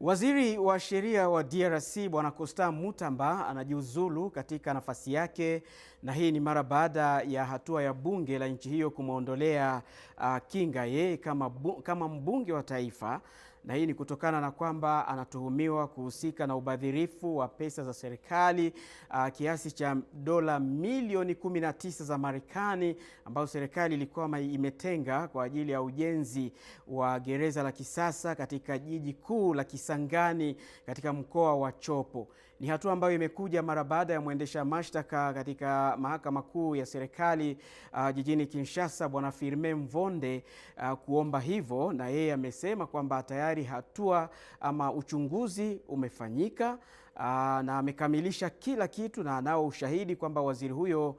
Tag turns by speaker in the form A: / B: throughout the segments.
A: Waziri wa sheria wa DRC Bwana costa Mutamba anajiuzulu katika nafasi yake, na hii ni mara baada ya hatua ya bunge la nchi hiyo kumwondolea uh, kinga yeye kama, kama mbunge wa taifa na hii ni kutokana na kwamba anatuhumiwa kuhusika na ubadhirifu wa pesa za serikali uh, kiasi cha dola milioni 19 za Marekani ambayo serikali ilikuwa imetenga kwa ajili ya ujenzi wa gereza la kisasa katika jiji kuu la Kisangani katika mkoa wa Chopo. Ni hatua ambayo imekuja mara baada ya mwendesha mashtaka katika mahakama kuu ya serikali uh, jijini Kinshasa Bwana Firmin Mvonde uh, ah, kuomba hivyo, na yeye amesema kwamba tayari tayari hatua ama uchunguzi umefanyika aa, na amekamilisha kila kitu na anao ushahidi kwamba waziri huyo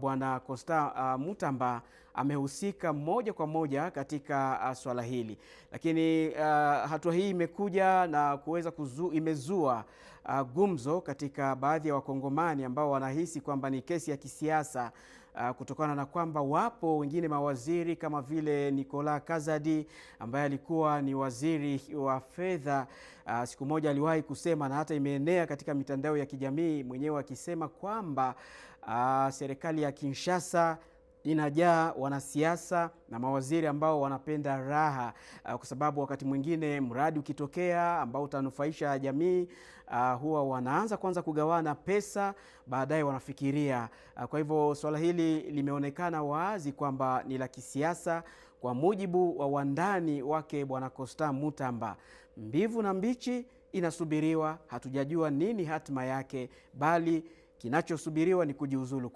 A: Bwana Constant Mutamba amehusika moja kwa moja katika uh, swala hili, lakini uh, hatua hii imekuja na kuweza kuzu, imezua uh, gumzo katika baadhi ya wa wakongomani ambao wanahisi kwamba ni kesi ya kisiasa uh, kutokana na kwamba wapo wengine mawaziri kama vile Nicolas Kazadi ambaye alikuwa ni waziri wa fedha uh, siku moja aliwahi kusema na hata imeenea katika mitandao ya kijamii mwenyewe akisema kwamba uh, serikali ya Kinshasa inajaa wanasiasa na mawaziri ambao wanapenda raha, ah, kwa sababu wakati mwingine mradi ukitokea ambao utanufaisha jamii uh, huwa wanaanza kwanza kugawana pesa, baadaye wanafikiria. Ah, kwa hivyo suala hili limeonekana wazi kwamba ni la kisiasa kwa mujibu wa wandani wake Bwana Costa Mutamba. Mbivu na mbichi inasubiriwa, hatujajua nini hatima yake, bali kinachosubiriwa ni kujiuzulu.